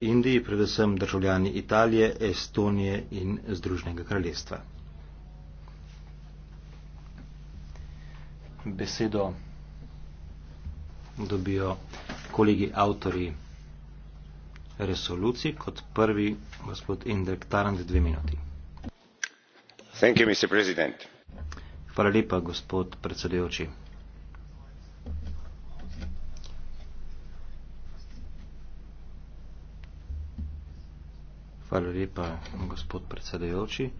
Indiji, predvsem državljani Italije, Estonije in Združnega kraljestva. Besedo dobijo kolegi avtori resoluciji kot prvi gospod Indrek Tarant, dve minuti. Thank you, Mr. President. Hvala lepa, gospod predsedujoči. Hvala lepa, gospod predsedajoči. E,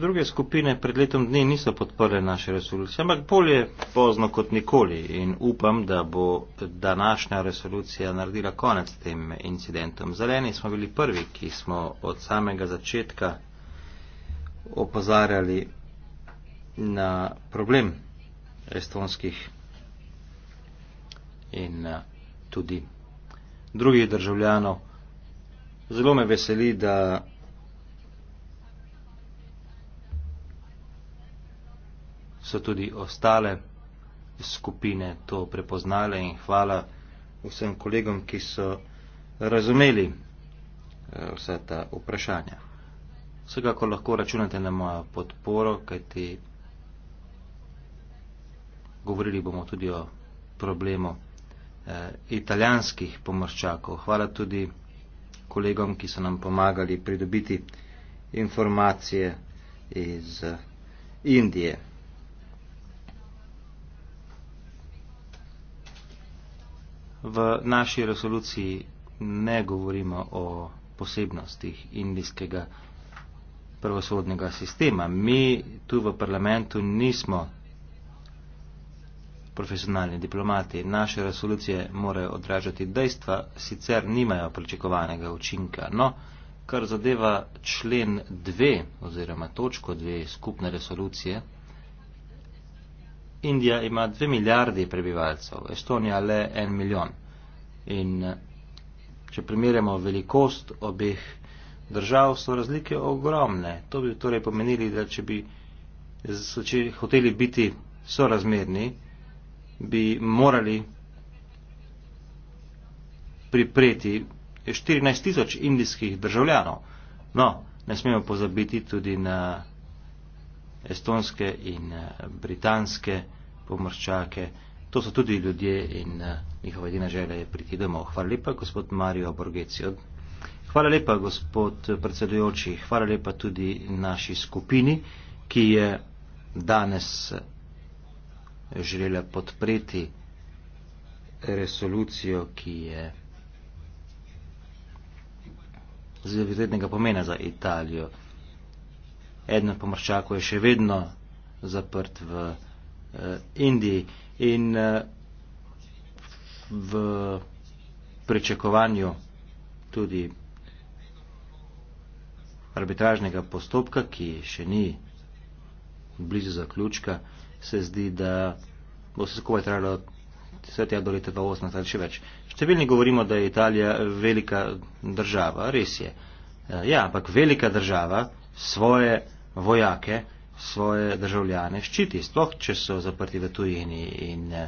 druge skupine pred letom dni niso podporile naše resolucije, ampak bolje pozno kot nikoli in upam, da bo današnja resolucija naredila konec tem incidentom. Zeleni smo bili prvi, ki smo od samega začetka opozarjali na problem estonskih in e, tudi drugih državljanov. Zelo me veseli, da so tudi ostale skupine to prepoznale in hvala vsem kolegom, ki so razumeli eh, vse ta vprašanja. Vsekako lahko računate na mojo podporo, kajti govorili bomo tudi o problemu eh, italijanskih pomorščakov. Hvala tudi kolegom, ki so nam pomagali pridobiti informacije iz Indije. V naši resoluciji ne govorimo o posebnostih indijskega pravosodnega sistema. Mi tu v parlamentu nismo profesionalni diplomati. Naše resolucije morajo odražati dejstva, sicer nimajo pričakovanega učinka. No, kar zadeva člen 2 oziroma točko 2 skupne resolucije, Indija ima 2 milijardi prebivalcev, Estonija le 1 milijon. In če primerjamo velikost obeh držav, so razlike ogromne. To bi torej pomenili, da če bi če hoteli biti sorazmerni, bi morali pripreti 14 tisoč indijskih državljanov. No, ne smemo pozabiti tudi na estonske in eh, britanske pomorščake. To so tudi ljudje in eh, njihova edina želja je priti domov. Hvala lepa, gospod Mario Borgecio. Hvala lepa, gospod predsedujoči. Hvala lepa tudi naši skupini, ki je danes želela podpreti resolucijo, ki je zavizetnega pomena za Italijo. Eden od pomorščakov je še vedno zaprt v eh, Indiji in eh, v pričakovanju tudi arbitražnega postopka, ki še ni blizu zaključka, eh, se zdi, da bo se skupaj trajalo vse tja do leta 2018 ali še več. Številni govorimo, da je Italija velika država, res je. E, ja, ampak velika država svoje vojake, svoje državljane ščiti, sploh če so zaprti v tujini in e,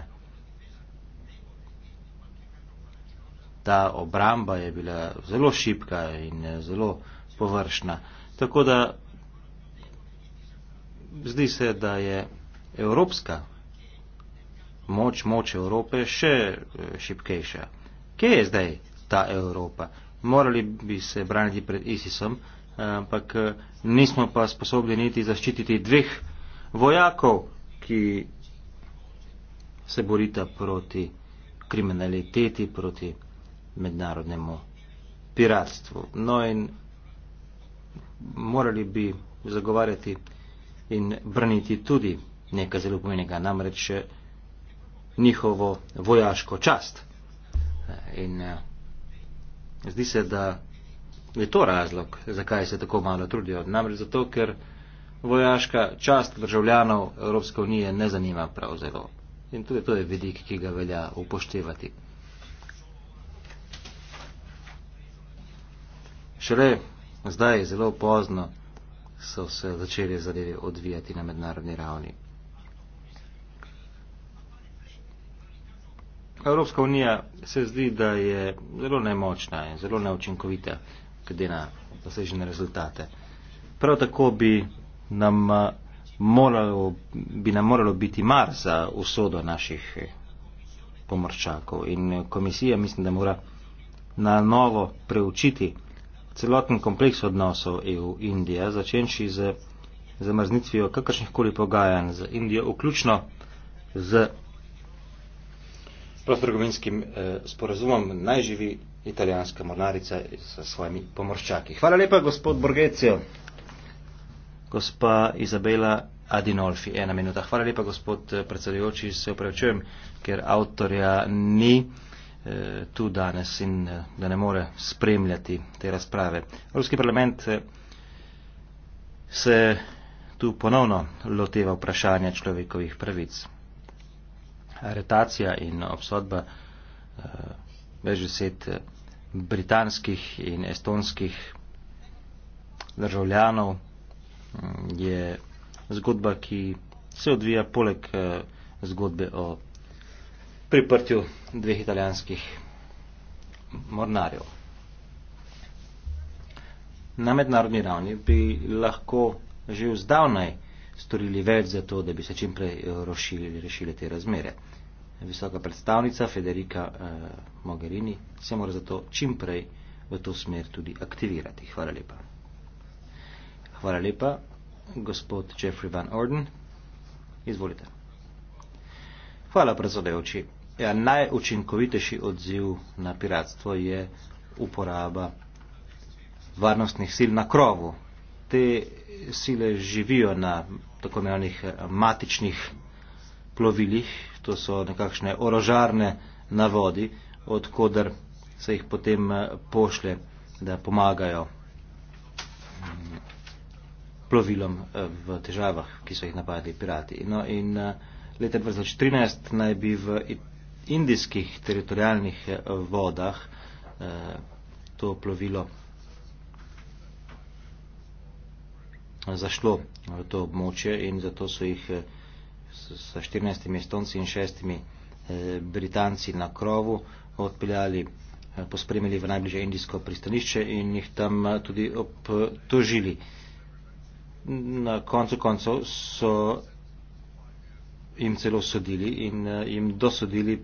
ta obramba je bila zelo šipka in e, zelo površna. Tako da zdi se, da je evropska moč, moč Evrope še eh, šipkejša. Kje je zdaj ta Evropa? Morali bi se braniti pred ISISom, ampak eh, nismo pa sposobni niti zaščititi dveh vojakov, ki se borita proti kriminaliteti, proti mednarodnemu piratstvu. No in morali bi zagovarjati in braniti tudi nekaj zelo pomenega, namreč eh, njihovo vojaško čast. In eh, zdi se, da je to razlog, zakaj se tako malo trudijo. Namreč zato, ker vojaška čast državljanov Evropske unije ne zanima prav zelo. In tudi to je vidik, ki ga velja upoštevati. Šele zdaj, zelo pozno, so se začeli zadeve odvijati na mednarodni ravni. Evropska unija se zdi, da je zelo nemočna in zelo neučinkovita, glede na dosežene rezultate. Prav tako bi nam eh, moralo, bi nam moralo biti mar za usodo naših eh, pomorčakov in eh, komisija mislim, da mora na novo preučiti celoten kompleks odnosov EU-Indija, začenši z zamrznitvijo kakršnih koli pogajanj z Indijo, vključno z prostorgovinskim eh, sporazumom najživi italijanska mornarica s svojimi pomorščaki. Hvala lepa, gospod Borgecio. Gospa Izabela Adinolfi, ena minuta. Hvala lepa, gospod eh, predsedujoči, se upravičujem, ker avtorja ni eh, tu danes in da ne more spremljati te razprave. Evropski parlament se tu ponovno loteva vprašanja človekovih pravic aretacija in obsodba eh, več deset eh, britanskih in estonskih državljanov mm, je zgodba, ki se odvija poleg eh, zgodbe o priprtju dveh italijanskih mornarjev. Na mednarodni ravni bi lahko že vzdavnaj storili več za to, da bi se čim prej eh, rošili in rešili te razmere. Visoka predstavnica Federika eh, Mogherini se mora zato čim prej v to smer tudi aktivirati. Hvala lepa. Hvala lepa, gospod Jeffrey Van Orden. Izvolite. Hvala, predsedujoči. Ja, najučinkovitejši odziv na piratstvo je uporaba varnostnih sil na krovu, te sile živijo na tako imenovanih eh, matičnih plovilih, to so nekakšne orožarne na vodi, odkudar se jih potem eh, pošle, da pomagajo mm, plovilom eh, v težavah, ki so jih napadli pirati. No in leta 2013 naj bi v indijskih teritorijalnih vodah to plovilo zašlo eh, v to območje in zato so jih eh, sa 14 estonci in šestimi eh, Britanci na krovu odpeljali, pospremili v najbližje indijsko pristanišče in jih tam tudi obtožili. Na koncu koncev so jim celo sodili in jim dosodili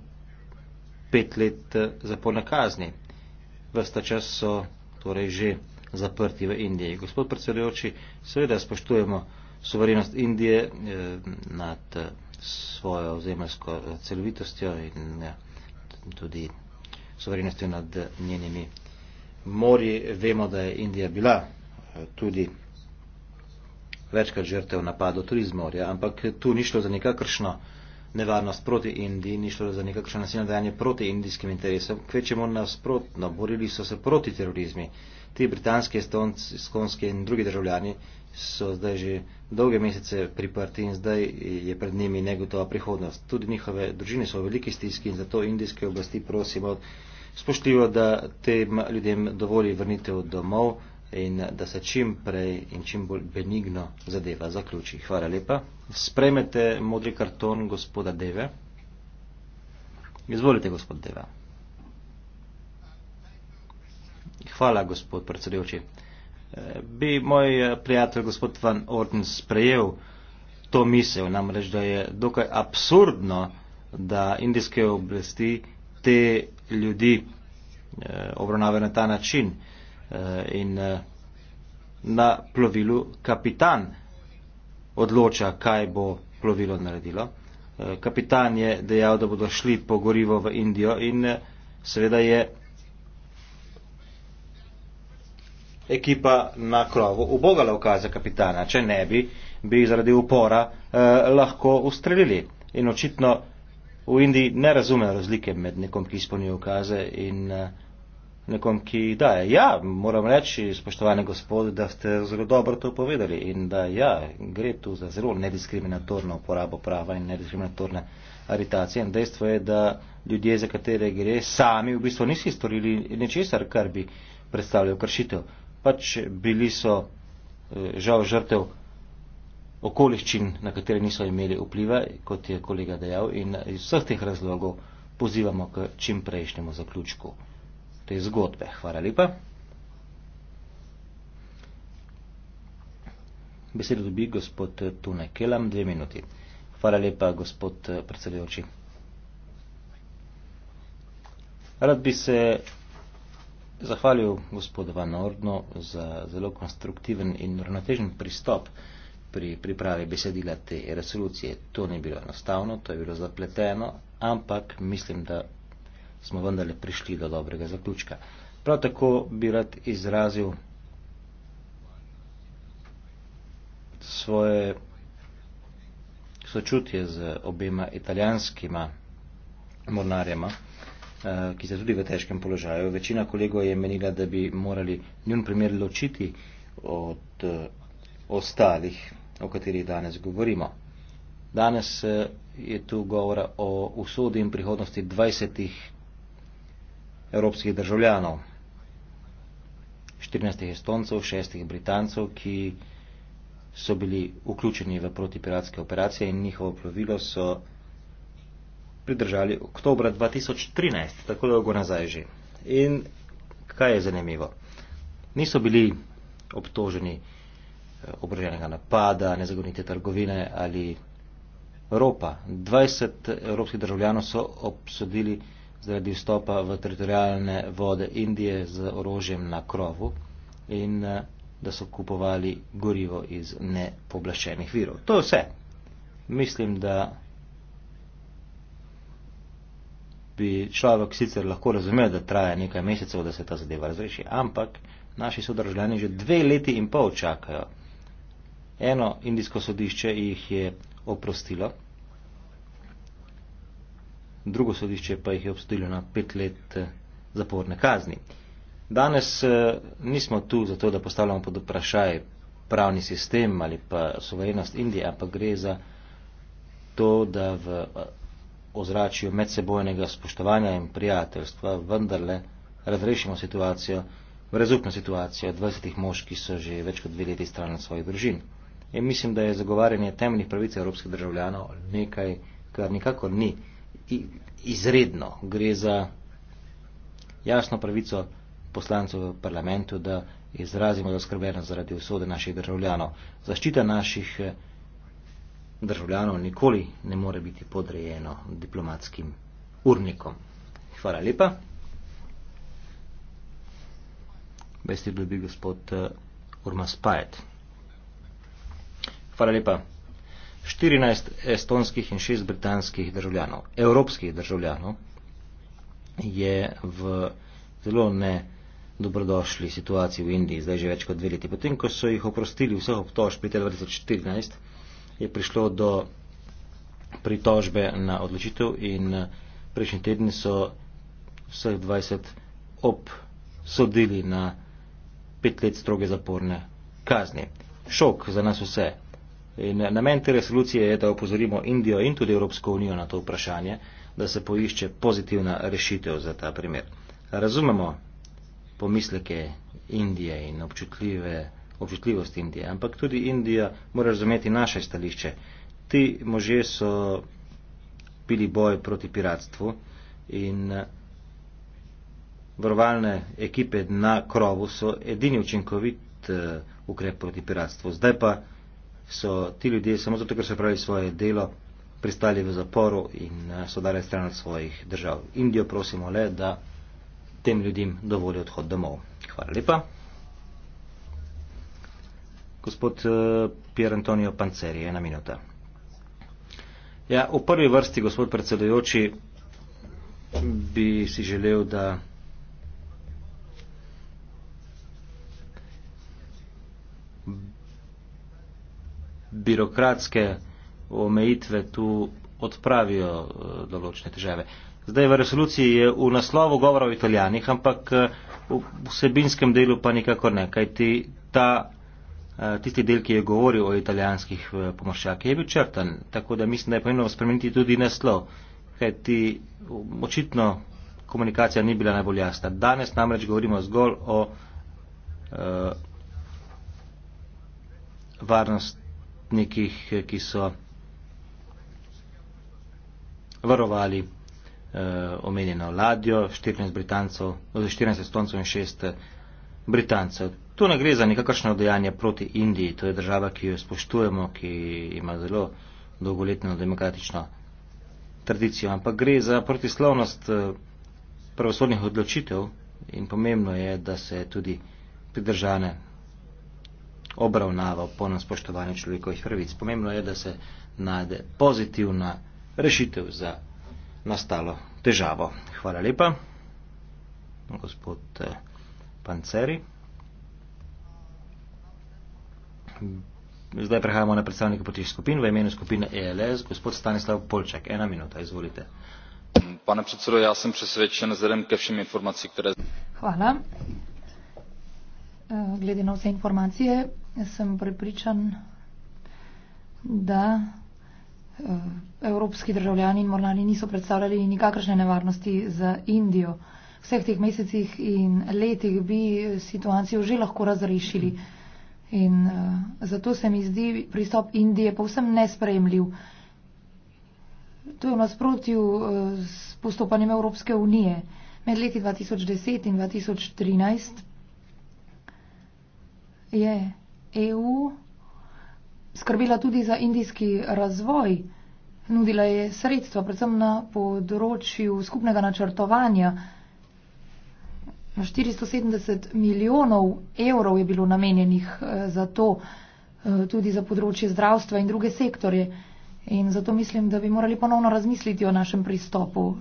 pet let zaporne kazni. Vsta čas so torej že zaprti v Indiji. Gospod predsedujoči, seveda spoštujemo suverenost Indije eh, nad eh, svojo ozemljsko eh, celovitostjo in ja, tudi suverenostjo nad njenimi mori. Vemo, da je Indija bila tudi večkrat žrtev napadov tudi iz morja, ampak tu ni šlo za nekakršno nevarnost proti Indiji, ni šlo za nekakšno nasilno dejanje proti indijskim interesom, kvečemo nasprotno, borili so se proti terorizmi ti britanski skonski in drugi državljani so zdaj že dolge mesece priprti in zdaj je pred njimi negotova prihodnost. Tudi njihove družine so v veliki stiski in zato indijske oblasti prosimo spoštljivo, da tem ljudem dovoli vrnitev domov in da se čim prej in čim bolj benigno zadeva zaključi. Hvala lepa. Spremete modri karton gospoda Deve. Izvolite, gospod Deva. Hvala, gospod predsedujoči. Eh, bi moj eh, prijatelj gospod Van Orden sprejel to misel, namreč, da je dokaj absurdno, da indijske oblasti te ljudi eh, obravnavajo na ta način in na plovilu kapitan odloča, kaj bo plovilo naredilo. Kapitan je dejal, da bodo šli po gorivo v Indijo in seveda je ekipa na krovu ubogala ukaza kapitana. Če ne bi, bi zaradi upora eh, lahko ustrelili. In očitno v Indiji ne razumejo razlike med nekom, ki izpolnjuje ukaze in eh, nekom, ki daje. Ja, moram reči, spoštovane gospode, da ste zelo dobro to povedali in da ja, gre tu za zelo nediskriminatorno uporabo prava in nediskriminatorne aritacije. In dejstvo je, da ljudje, za katere gre, sami v bistvu nisi storili ničesar, kar bi predstavljal kršitev pač bili so eh, žal žrtev okoliščin, na katere niso imeli vpliva, kot je kolega dejal, in iz vseh teh razlogov pozivamo k čim prejšnjemu zaključku te zgodbe. Hvala lepa. Besedo dobi gospod eh, Tune Kelam, dve minuti. Hvala lepa, gospod eh, predsedujoči. Rad bi se zahvalil gospodu Van Ordno za zelo konstruktiven in uravnotežen pristop pri pripravi besedila te resolucije. To ni bilo enostavno, to je bilo zapleteno, ampak mislim, da smo vendarle prišli do dobrega zaključka. Prav tako bi rad izrazil svoje sočutje z obema italijanskima mornarjema. Eh, ki ste tudi v težkem položaju. Večina kolegov je menila, da bi morali njun primer ločiti od eh, ostalih, o katerih danes govorimo. Danes eh, je tu govora o usodi in prihodnosti 20 evropskih državljanov, 14 estoncev, 6 britancev, ki so bili vključeni v protipiratske operacije in njihovo plovilo so pridržali oktober 2013, tako dolgo nazaj že. In kaj je zanimivo? Niso bili obtoženi eh, obroženega napada, nezagonite trgovine ali ropa. 20 evropskih državljanov so obsodili zaradi vstopa v teritorijalne vode Indije z orožjem na krovu in eh, da so kupovali gorivo iz nepoblašenih virov. To je vse. Mislim, da bi človek sicer lahko razumel, da traja nekaj mesecev, da se ta zadeva razreši, ampak naši sodržavljani že dve leti in pol čakajo. Eno indijsko sodišče jih je oprostilo, drugo sodišče pa jih je obsodilo na pet let eh, zaporne kazni. Danes eh, nismo tu zato, da postavljamo pod vprašaj pravni sistem ali pa suverenost Indije, ampak gre za to, da v ozračju medsebojnega spoštovanja in prijateljstva vendarle razrešimo situacijo, brezupno situacijo 20 mož, ki so že več kot dve leti stran svojih družin. In mislim, da je zagovarjanje temeljnih pravic evropskih državljanov nekaj, kar nikakor ni izredno. Gre za jasno pravico poslancev v parlamentu, da izrazimo zaskrbljenost zaradi usode naših državljanov. Zaščita naših državljanov nikoli ne more biti podrejeno diplomatskim urnikom. Hvala lepa. Besti dobi gospod eh, Urma Spajet. Hvala lepa. 14 estonskih in 6 britanskih državljanov, evropskih državljanov, je v zelo ne dobrodošli situaciji v Indiji, zdaj že več kot dve leti, potem ko so jih oprostili vseh obtož pri 2014, je prišlo do pritožbe na odločitev in eh, prejšnji teden so vseh 20 obsodili na pet let stroge zaporne kazni. Šok za nas vse. In eh, namen te resolucije je, da opozorimo Indijo in tudi Evropsko unijo na to vprašanje, da se poišče pozitivna rešitev za ta primer. Razumemo pomisleke Indije in občutljive občutljivost Indije. Ampak tudi Indija mora razumeti naše stališče. Ti možje so bili boj proti piratstvu in eh, varovalne ekipe na krovu so edini učinkovit eh, ukrep proti piratstvu. Zdaj pa so ti ljudje, samo zato, ker so pravili svoje delo, pristali v zaporu in eh, so dali stran od svojih držav. Indijo prosimo le, da tem ljudem dovoli odhod domov. Hvala lepa. Gospod eh, Pier Antonijo Panceri, ena minuta. Ja, v prvi vrsti, gospod predsedujoči, bi si želel, da birokratske omejitve tu odpravijo eh, določene težave. Zdaj v resoluciji je v naslovu govora o italijanih, ampak eh, v vsebinskem delu pa nikako ne, kaj ti ta Eh, tisti del, ki je govoril o italijanskih eh, pomorščakih, je bil črtan. Tako da mislim, da je pomembno spremeniti tudi naslov, ker ti um, očitno komunikacija ni bila najbolj jasna. Danes namreč govorimo zgolj o uh, varnostnikih, ki so varovali uh, omenjeno ladjo, 14, 14 stoncev in 6 britancev. Tu ne gre za nikakršno dejanje proti Indiji, to je država, ki jo spoštujemo, ki ima zelo dolgoletno demokratično tradicijo, ampak gre za protislovnost eh, pravosodnih odločitev in pomembno je, da se tudi pridržane obravnava v polnem spoštovanju človekovih pravic. Pomembno je, da se najde pozitivna rešitev za nastalo težavo. Hvala lepa, gospod eh, Panceri. Zdaj prehajamo na predstavnike poti skupin. V imenu skupine ELS, gospod Stanislav Polček, ena minuta, izvolite. Pane predsedo, jaz sem presvedčen, zredem ke všem informacijam, ki ste jih. Hvala. Eh, glede na vse informacije, sem prepričan, da eh, evropski državljani in mornari niso predstavljali nikakršne nevarnosti za Indijo. V vseh teh mesecih in letih bi situacijo že lahko razrešili. Hmm. In uh, zato se mi zdi pristop Indije povsem nespremljiv. To je v nasprotju uh, s postopanjem Evropske unije. Med leti 2010 in 2013 je EU skrbila tudi za indijski razvoj, nudila je sredstva, predvsem na področju skupnega načrtovanja. 470 milijonov evrov je bilo namenjenih eh, za to, eh, tudi za področje zdravstva in druge sektorje. In zato mislim, da bi morali ponovno razmisliti o našem pristopu.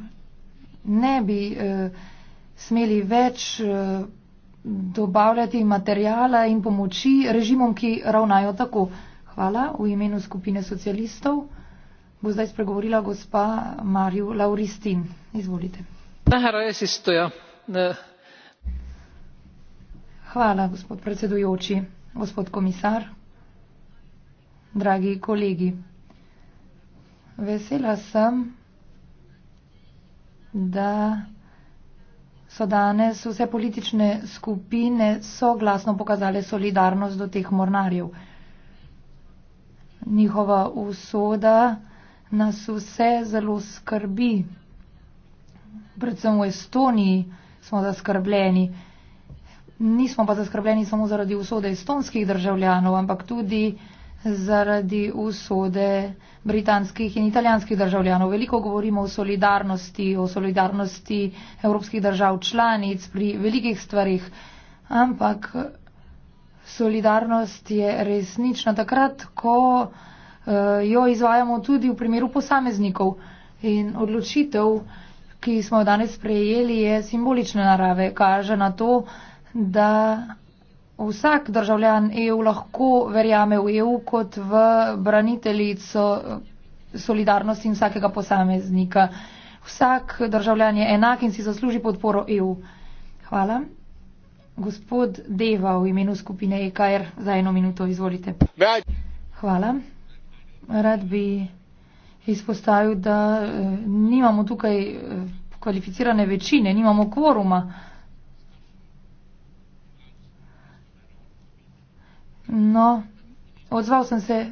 Ne bi eh, smeli več dobavljati materijala in pomoči režimom, ki ravnajo tako. Hvala v imenu skupine socialistov. Bo zdaj spregovorila gospa Mariju Lauristin. Izvolite. Najraje si stoja. Hvala, gospod predsedujoči, gospod komisar, dragi kolegi. Vesela sem, da so danes vse politične skupine soglasno pokazale solidarnost do teh mornarjev. Njihova usoda nas vse zelo skrbi. Predvsem v Estoniji smo zaskrbljeni. Nismo pa zaskrbljeni samo zaradi usode estonskih državljanov, ampak tudi zaradi usode britanskih in italijanskih državljanov. Veliko govorimo o solidarnosti, o solidarnosti evropskih držav članic pri velikih stvarih, ampak solidarnost je resnična takrat, ko eh, jo izvajamo tudi v primeru posameznikov. In odločitev, ki smo jo danes prejeli, je simbolične narave, kaže na to, da vsak državljan EU lahko verjame v EU kot v braniteljico solidarnosti in vsakega posameznika. Vsak državljan je enak in si zasluži podporo EU. Hvala. Gospod Deva v imenu skupine EKR, za eno minuto izvolite. Hvala. Rad bi izpostavil, da eh, nimamo tukaj eh, kvalificirane večine, nimamo kvoruma. No, odzval sem se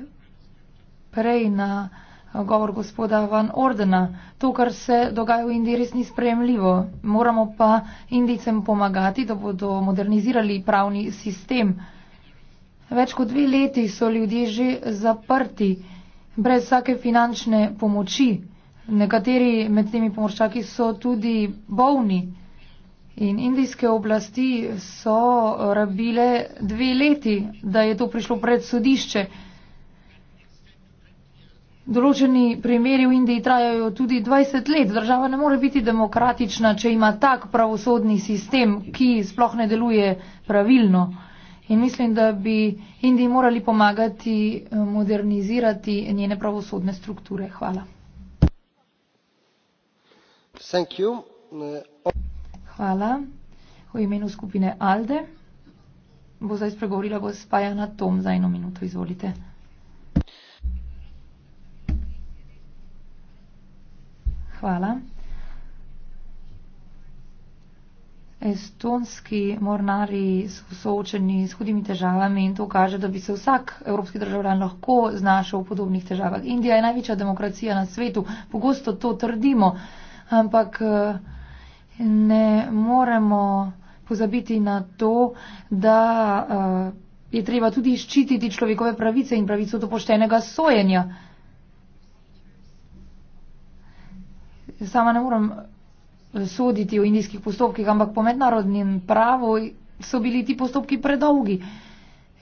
prej na govor gospoda Van Ordena. To, kar se dogaja v Indiji, res ni sprejemljivo. Moramo pa Indijcem pomagati, da bodo modernizirali pravni sistem. Več kot dve leti so ljudje že zaprti, brez vsake finančne pomoči. Nekateri med temi pomorščaki so tudi bolni. In indijske oblasti so rabile dve leti, da je to prišlo pred sodišče. Določeni primeri v Indiji trajajo tudi 20 let. Država ne more biti demokratična, če ima tak pravosodni sistem, ki sploh ne deluje pravilno. In mislim, da bi Indiji morali pomagati eh, modernizirati njene pravosodne strukture. Hvala. Thank you. Hvala. V imenu skupine Alde bo zdaj spregovorila gospa Jana Tom za eno minuto. Izvolite. Hvala. Estonski mornari so soočeni s hudimi težavami in to kaže, da bi se vsak evropski državljan lahko znašel v podobnih težavah. Indija je največja demokracija na svetu, pogosto to trdimo, ampak uh, ne moremo pozabiti na to, da eh, je treba tudi ščititi človekove pravice in pravico do poštenega sojenja. Sama ne moram eh, soditi o indijskih postopkih, ampak po mednarodnem pravu so bili ti postopki predolgi.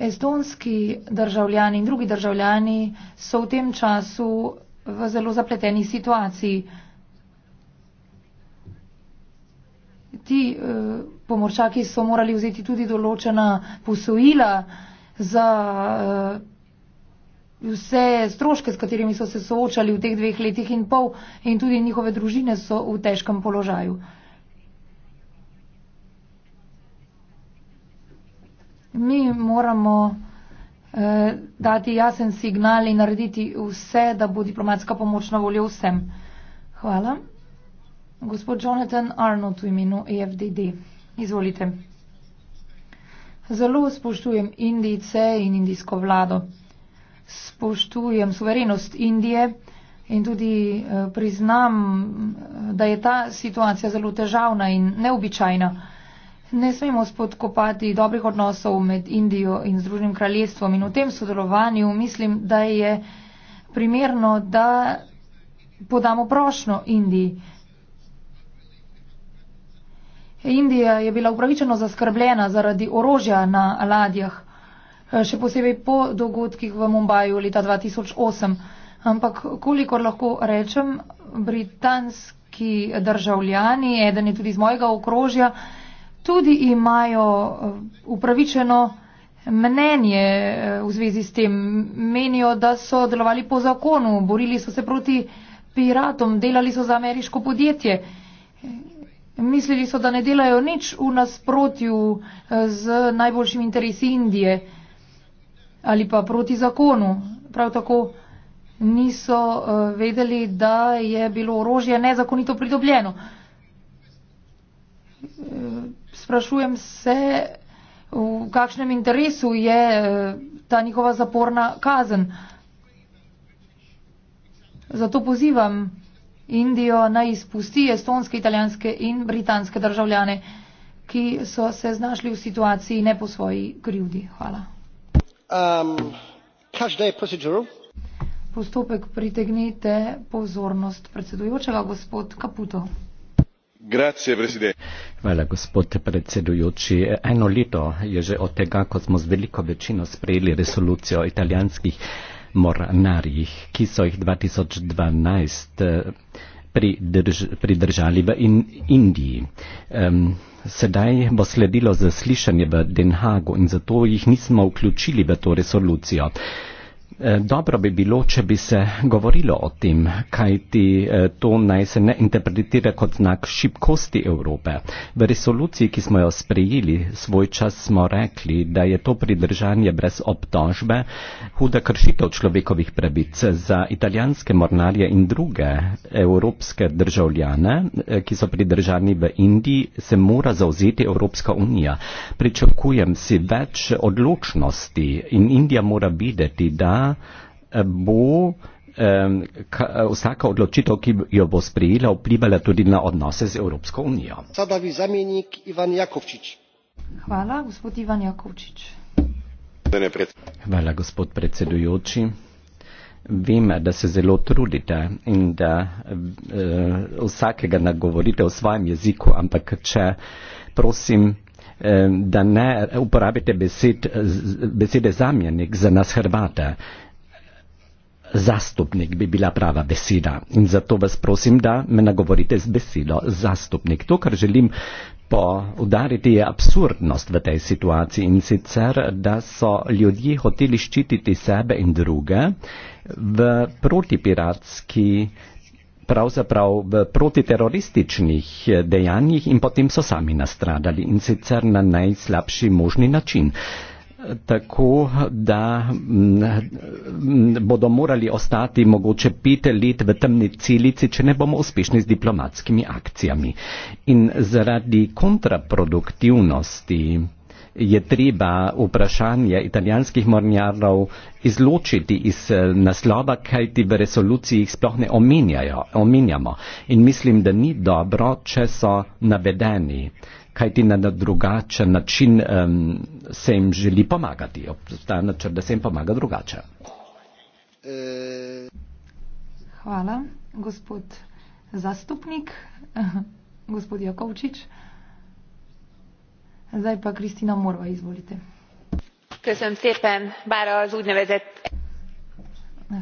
Estonski državljani in drugi državljani so v tem času v zelo zapleteni situaciji. ti eh, pomorčaki so morali vzeti tudi določena posojila za eh, vse stroške, s katerimi so se soočali v teh dveh letih in pol in tudi njihove družine so v težkem položaju. Mi moramo eh, dati jasen signal in narediti vse, da bo diplomatska pomoč na voljo vsem. Hvala. Gospod Jonathan Arnold v imenu EFDD. Izvolite. Zelo spoštujem Indijce in indijsko vlado. Spoštujem suverenost Indije in tudi eh, priznam, da je ta situacija zelo težavna in neobičajna. Ne smemo spodkopati dobrih odnosov med Indijo in Združenim kraljestvom in v tem sodelovanju mislim, da je primerno, da podamo prošno Indiji, Indija je bila upravičeno zaskrbljena zaradi orožja na ladjah, eh, še posebej po dogodkih v Mumbaju leta 2008. Ampak kolikor lahko rečem, britanski državljani, eden je tudi iz mojega okrožja, tudi imajo eh, upravičeno mnenje eh, v zvezi s tem. Menijo, da so delovali po zakonu, borili so se proti piratom, delali so za ameriško podjetje. Mislili so, da ne delajo nič v nasprotju eh, z najboljšim interesi Indije ali pa proti zakonu. Prav tako niso eh, vedeli, da je bilo orožje nezakonito pridobljeno. Eh, sprašujem se, v kakšnem interesu je ta njihova zaporna kazen. Zato pozivam Indijo naj izpusti estonske, italijanske in britanske državljane, ki so se znašli v situaciji ne po svoji krivdi. Hvala. Um, Postopek pritegnite pozornost predsedujočega, gospod Kaputo. Hvala, gospod predsedujoči. Eno leto je že od tega, ko smo z veliko večino sprejeli resolucijo italijanskih mornarjih, ki so jih 2012 eh, pridrž, pridržali v in, Indiji. Um, sedaj bo sledilo zaslišanje v Den Haagu in zato jih nismo vključili v to resolucijo. Eh, dobro bi bilo, če bi se govorilo o tem, kaj ti eh, to naj se ne interpretira kot znak šibkosti Evrope. V resoluciji, ki smo jo sprejeli, svoj čas smo rekli, da je to pridržanje brez obtožbe huda kršitev človekovih pravic za italijanske mornarje in druge evropske državljane, eh, ki so pridržani v Indiji, se mora zauzeti Evropska unija. Pričakujem si več odločnosti in Indija mora videti, da bo vsaka odločitev, ki jo bo sprejela, vplivala tudi na odnose z Evropsko unijo. Hvala, gospod Ivan Jakovčič. Hvala, gospod predsedujoči. Vem, da se zelo trudite in da eh, vsakega nagovorite v svojem jeziku, ampak če prosim, eh, da ne uporabite besed, besede zamjenik za nas Hrvata. Eh, zastupnik bi bila prava beseda. In zato vas prosim, da me nagovorite z besedo zastupnik. To, kar želim poudariti, je absurdnost v tej situaciji in sicer, da so ljudje hoteli ščititi sebe in druge v protipiratski pravzaprav v protiterorističnih dejanjih in potem so sami nastradali in sicer na najslabši možni način. Uh, tako, da mm, bodo morali ostati mogoče pet let v temni celici, če ne bomo uspešni z diplomatskimi akcijami. In zaradi kontraproduktivnosti je treba vprašanje italijanskih mornjarov izločiti iz eh, naslova, kaj ti v resoluciji sploh ne omenjamo. In mislim, da ni dobro, če so navedeni, kaj ti na drugačen način. Um, se jim želi pomagati. Obstaja načrt, da se jim pomaga drugače. Hvala, gospod zastupnik, gospod Jakovčič. Zdaj pa Kristina Morva, izvolite. Köszönöm szépen, bár az úgynevezett.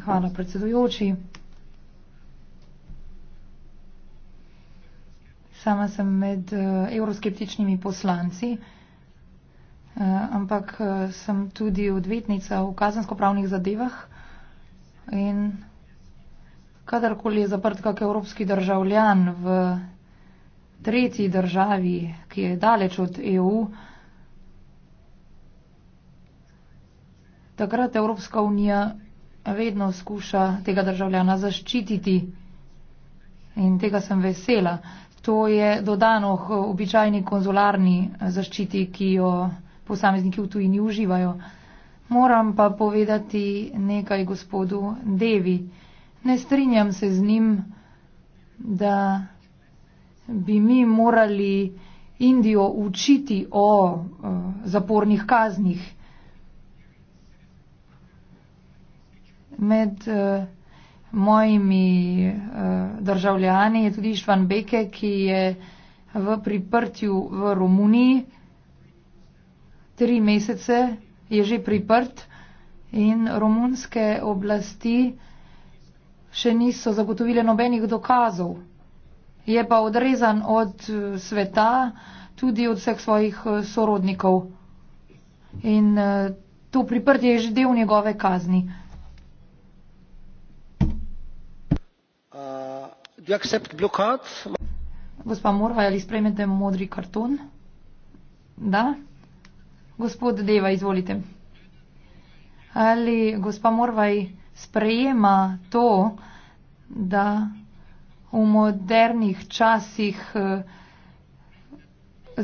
Hála, predsedujúci. Sama sem med euroskeptičnimi eh, poslanci. Eh, ampak eh, sem tudi odvetnica v kazensko-pravnih zadevah in kadarkoli je zaprt kak evropski državljan v tretji državi, ki je daleč od EU, takrat Evropska unija vedno skuša tega državljana zaščititi in tega sem vesela. To je dodano v običajni konzularni eh, zaščiti, ki jo posamezniki v tujini uživajo. Moram pa povedati nekaj gospodu Devi. Ne strinjam se z njim, da bi mi morali Indijo učiti o uh, zapornih kaznih. Med uh, mojimi uh, državljani je tudi Švan Beke, ki je v priprtju v Romuniji tri mesece je že priprt in romunske oblasti še niso zagotovile nobenih dokazov. Je pa odrezan od eh, sveta, tudi od vseh svojih eh, sorodnikov. In eh, to priprtje je že del njegove kazni. Uh, Gospa Morva, ali sprejmete modri karton? Da. Gospod Deva, izvolite. Ali gospa Morvaj sprejema to, da v modernih časih eh,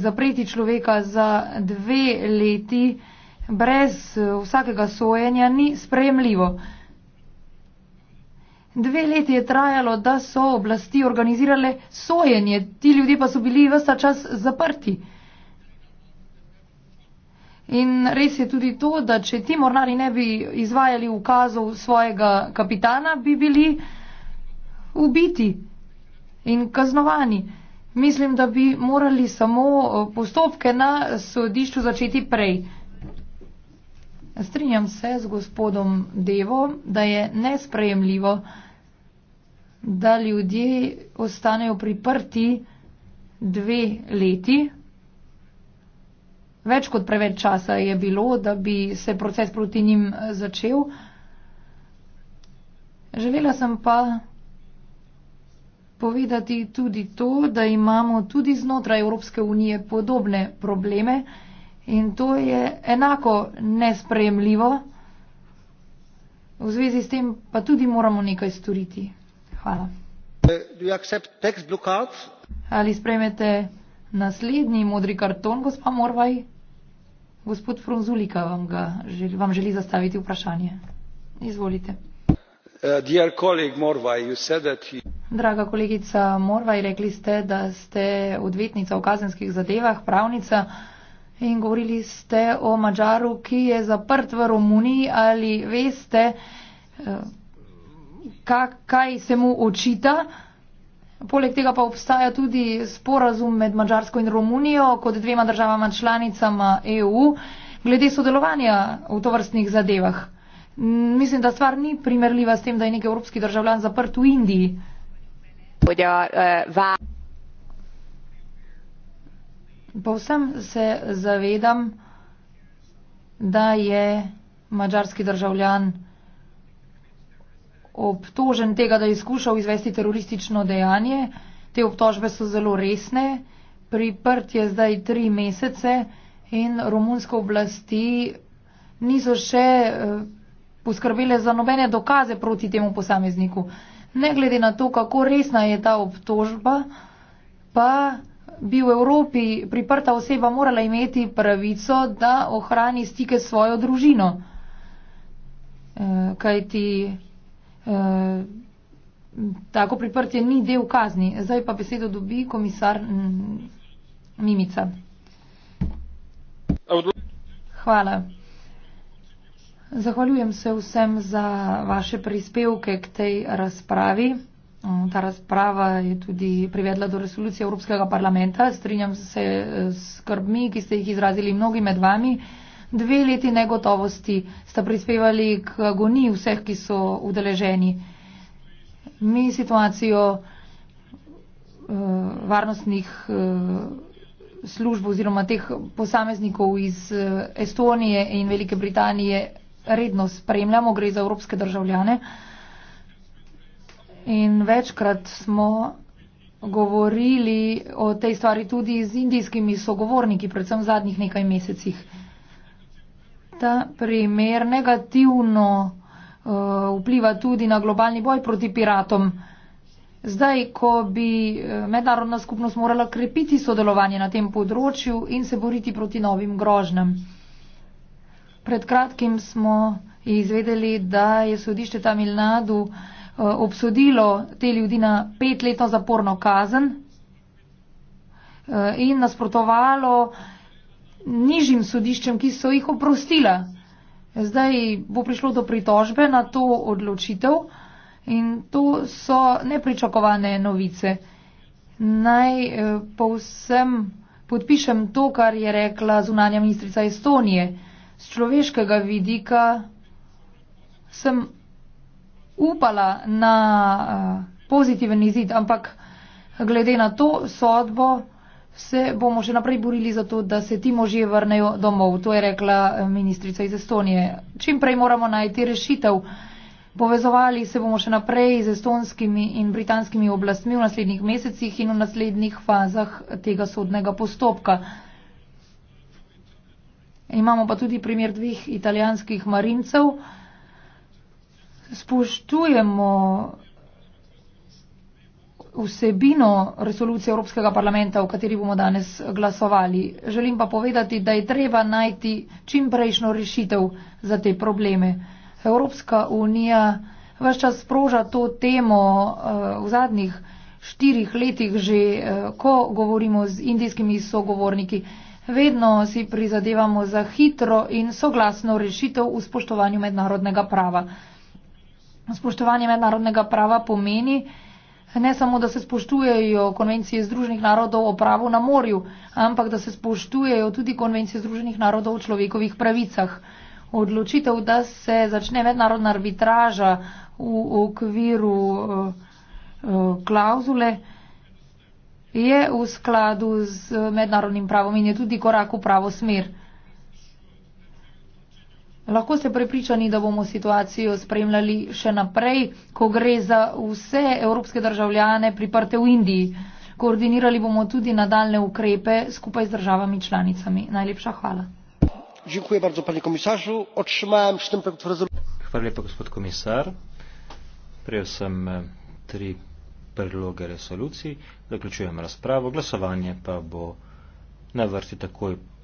zapreti človeka za dve leti brez eh, vsakega sojenja ni sprejemljivo? Dve leti je trajalo, da so oblasti organizirale sojenje, ti ljudje pa so bili vsa čas zaprti. In res je tudi to, da če ti mornari ne bi izvajali ukazov svojega kapitana, bi bili ubiti in kaznovani. Mislim, da bi morali samo eh, postopke na sodišču začeti prej. Strinjam se z gospodom Devo, da je nesprejemljivo, da ljudje ostanejo priprti dve leti Več kot preveč časa je bilo, da bi se proces proti njim eh, začel. Želela sem pa povedati tudi to, da imamo tudi znotraj Evropske unije podobne probleme in to je enako nespremljivo. V zvezi s tem pa tudi moramo nekaj storiti. Hvala. Ali sprejmete naslednji modri karton, gospa Morvaj? Gospod Fronzulika vam, ga, vam želi zastaviti vprašanje. Izvolite. Uh, Draga kolegica Morvaj, rekli ste, da ste odvetnica v kazenskih zadevah, pravnica in govorili ste o Mačaru, ki je zaprt v Romuniji. Ali veste, uh, kaj se mu očita? Poleg tega pa obstaja tudi sporazum med Mačarsko in Romunijo kot dvema državama članicama EU glede sodelovanja v tovrstnih zadevah. Mislim, da stvar ni primerljiva s tem, da je nek evropski državljan zaprt v Indiji. E, Povsem se zavedam, da je mađarski državljan obtožen tega, da je skušal izvesti teroristično dejanje. Te obtožbe so zelo resne. Priprt je zdaj tri mesece in romunske oblasti niso še eh, poskrbele za nobene dokaze proti temu posamezniku. Ne glede na to, kako resna je ta obtožba, pa bi v Evropi priprta oseba morala imeti pravico, da ohrani stike s svojo družino. E, eh, kaj ti Eh, tako priprtje ni del kazni. Zdaj pa besedo dobi komisar mm, Mimica. Hvala. Zahvaljujem se vsem za vaše prispevke k tej razpravi. Ta razprava je tudi privedla do resolucije Evropskega parlamenta. Strinjam se eh, s skrbmi, ki ste jih izrazili mnogi med vami dve leti negotovosti sta prispevali k agoniji vseh, ki so udeleženi. Mi situacijo uh, varnostnih uh, služb oziroma teh posameznikov iz uh, Estonije in Velike Britanije redno spremljamo, gre za evropske državljane. In večkrat smo govorili o tej stvari tudi z indijskimi sogovorniki, predvsem v zadnjih nekaj mesecih ta primer negativno uh, vpliva tudi na globalni boj proti piratom. Zdaj, ko bi eh, mednarodna skupnost morala krepiti sodelovanje na tem področju in se boriti proti novim grožnjam. Pred kratkim smo izvedeli, da je sodišče Tamil Nadu eh, obsodilo te ljudi na petletno zaporno kazen in nasprotovalo nižjim sodiščem, ki so jih oprostile. Zdaj bo prišlo do pritožbe na to odločitev in to so nepričakovane novice. Naj eh, povsem podpišem to, kar je rekla zunanja ministrica Estonije. Z človeškega vidika sem upala na eh, pozitiven izid, ampak glede na to sodbo. So se bomo še naprej borili za to, da se ti možje vrnejo domov. To je rekla eh, ministrica iz Estonije. Čim prej moramo najti rešitev. Povezovali se bomo še naprej z estonskimi in britanskimi oblastmi v naslednjih mesecih in v naslednjih fazah tega sodnega postopka. Imamo pa tudi primer dveh italijanskih marincev. Spoštujemo vsebino resolucije Evropskega parlamenta, o kateri bomo danes glasovali. Želim pa povedati, da je treba najti čim prejšnjo rešitev za te probleme. Evropska unija vse čas sproža to temo eh, v zadnjih štirih letih, že eh, ko govorimo z indijskimi sogovorniki. Vedno si prizadevamo za hitro in soglasno rešitev v spoštovanju mednarodnega prava. Spoštovanje mednarodnega prava pomeni, ne samo, da se spoštujejo konvencije Združenih narodov o pravu na morju, ampak da se spoštujejo tudi konvencije Združenih narodov o človekovih pravicah. Odločitev, da se začne mednarodna arbitraža v okviru uh, eh, uh, eh, klauzule, je v skladu z mednarodnim pravom in je tudi korak v pravo smer. Uh, Lahko ste prepričani, da bomo situacijo spremljali še naprej, ko gre za vse evropske državljane priprte v Indiji. Koordinirali bomo tudi nadaljne ukrepe skupaj z državami članicami. Najlepša hvala. Hvala lepa, gospod komisar. Prejel sem eh, tri predloge resolucij, zaključujem razpravo, glasovanje pa bo na vrsti takoj